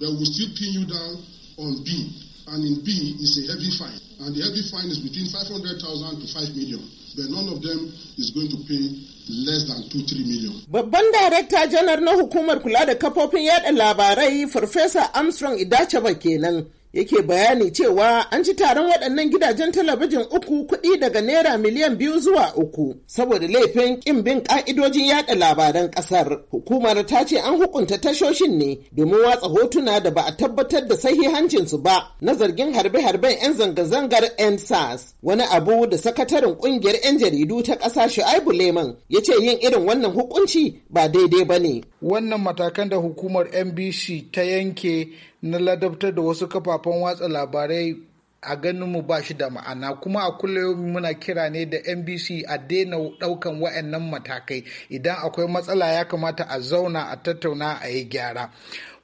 They will still pin you down on B. And in B is a heavy fine. And the heavy fine is between 500,000 to 5 million. But none of them is going to pay less than 2 3 million. Babban darakta janar na hukumar kula da kafofin yada labarai Professor Armstrong Idachaba kenan. yake bayani cewa an ci taron waɗannan gidajen talabijin uku kuɗi daga naira miliyan biyu zuwa uku saboda laifin ƙin bin ƙa'idojin yaɗa labaran ƙasar hukumar ta ce an hukunta tashoshin ne domin watsa hotuna da ba a tabbatar da sahihancinsu ba na zargin harbe-harben 'yan zanga-zangar nsas wani abu da sakataren ƙungiyar 'yan jaridu ta ƙasa shu'aibu leman ya ce yin irin wannan hukunci ba daidai ba ne wannan matakan da hukumar nbc ta yanke na ladabtar da wasu kafafen watsa labarai a ganinmu ba shi da ma'ana kuma a kullum muna kira ne da nbc a daina daukan wa'annan matakai idan akwai matsala ya kamata a zauna a tattauna a yi gyara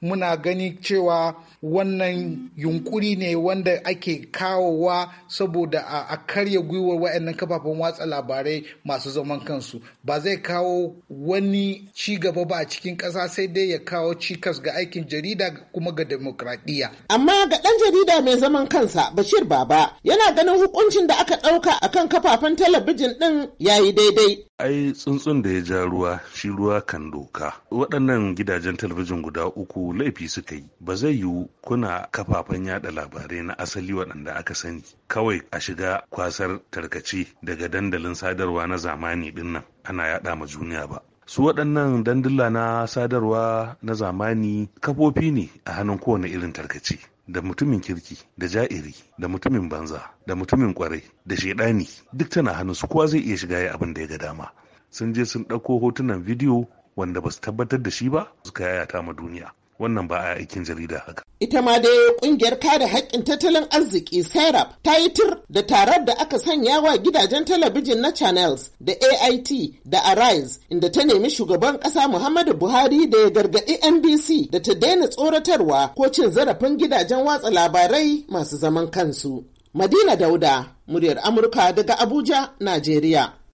muna gani cewa wannan yunkuri ne wanda ake kawowa saboda a karya gwiwar wa'annan kafafen watsa labarai masu zaman kansu ba zai kawo wani ci gaba ba a cikin ƙasa sai dai ya kawo cikas ga aikin jarida kuma ga demokradiyya. amma ga ɗan jarida mai zaman kansa bashir baba yana ganin hukuncin da aka ɗauka akan kafafen talabijin ɗin yayi daidai ai tsuntsun da ya ja ruwa shi ruwa kan doka waɗannan gidajen talabijin guda uku laifi suka yi ba zai yiwu kuna kafafen yada labarai na asali waɗanda aka sani kawai a shiga kwasar tarkace daga dandalin sadarwa na zamani dinnan ana yada ma juniya ba su waɗannan dandula na sadarwa na zamani kafofi ne a hannun kowane irin tarkace da mutumin kirki da ja'iri da mutumin banza da mutumin kwarai da shaidani duk tana hannun su kowa zai iya shiga ya abin da ya ga dama sun je sun ɗauko hotunan bidiyo wanda ba su tabbatar da shi ba suka yayata ma duniya wannan ba a aikin jarida haka. Ita ma dai kungiyar kare haƙƙin tattalin arziki Serap ta yi tur da tarar da aka sanya wa gidajen talabijin na Channels da AIT da Arise inda ta nemi shugaban ƙasa Muhammadu Buhari da ya gargaɗi NBC da ta daina tsoratarwa ko cin zarafin gidajen watsa labarai masu zaman kansu. Madina Dauda, muryar Amurka daga Abuja, Najeriya.